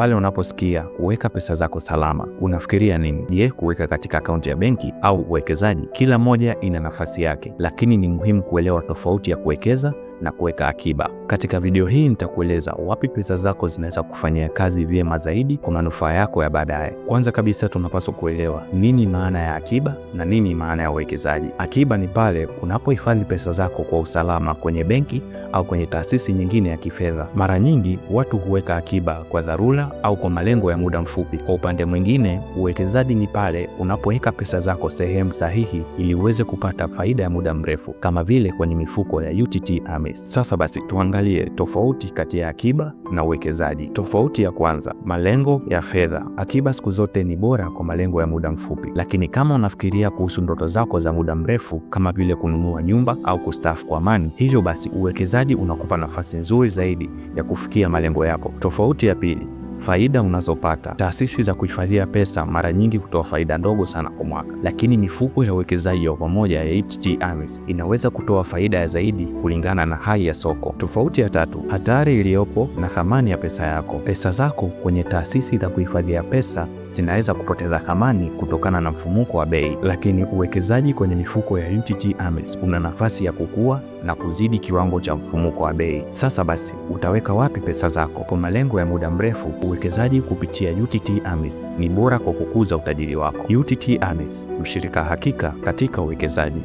pale unaposikia kuweka pesa zako salama, unafikiria nini? Je, kuweka katika akaunti ya benki au uwekezaji? Kila moja ina nafasi yake, lakini ni muhimu kuelewa tofauti ya kuwekeza na kuweka akiba. Katika video hii nitakueleza wapi pesa zako zinaweza kufanyia kazi vyema zaidi kwa manufaa yako ya baadaye. Kwanza kabisa, tunapaswa kuelewa nini maana ya akiba na nini maana ya uwekezaji. Akiba ni pale unapohifadhi pesa zako kwa usalama kwenye benki au kwenye taasisi nyingine ya kifedha. Mara nyingi watu huweka akiba kwa dharura au kwa malengo ya muda mfupi. Kwa upande mwingine, uwekezaji ni pale unapoweka pesa zako sehemu sahihi ili uweze kupata faida ya muda mrefu kama vile kwenye mifuko ya UTT AMIS. Sasa basi tuangalie tofauti kati ya akiba na uwekezaji. Tofauti ya kwanza, malengo ya fedha. Akiba siku zote ni bora kwa malengo ya muda mfupi, lakini kama unafikiria kuhusu ndoto zako za muda mrefu kama vile kununua nyumba au kustaafu kwa amani, hivyo basi uwekezaji unakupa nafasi nzuri zaidi ya kufikia malengo yako. Tofauti ya pili faida unazopata. Taasisi za kuhifadhia pesa mara nyingi hutoa faida ndogo sana kwa mwaka, lakini mifuko ya uwekezaji wa pamoja ya HT Arms inaweza kutoa faida ya zaidi kulingana na hali ya soko. Tofauti ya tatu, hatari iliyopo na thamani ya pesa yako. Pesa zako kwenye taasisi za kuhifadhia pesa zinaweza kupoteza thamani kutokana na mfumuko wa bei, lakini uwekezaji kwenye mifuko ya HT Arms una nafasi ya kukua na kuzidi kiwango cha mfumuko wa bei. Sasa basi, utaweka wapi pesa zako? Kwa malengo ya muda mrefu, uwekezaji kupitia UTT AMIS ni bora kwa kukuza utajiri wako. UTT AMIS, mshirika hakika katika uwekezaji.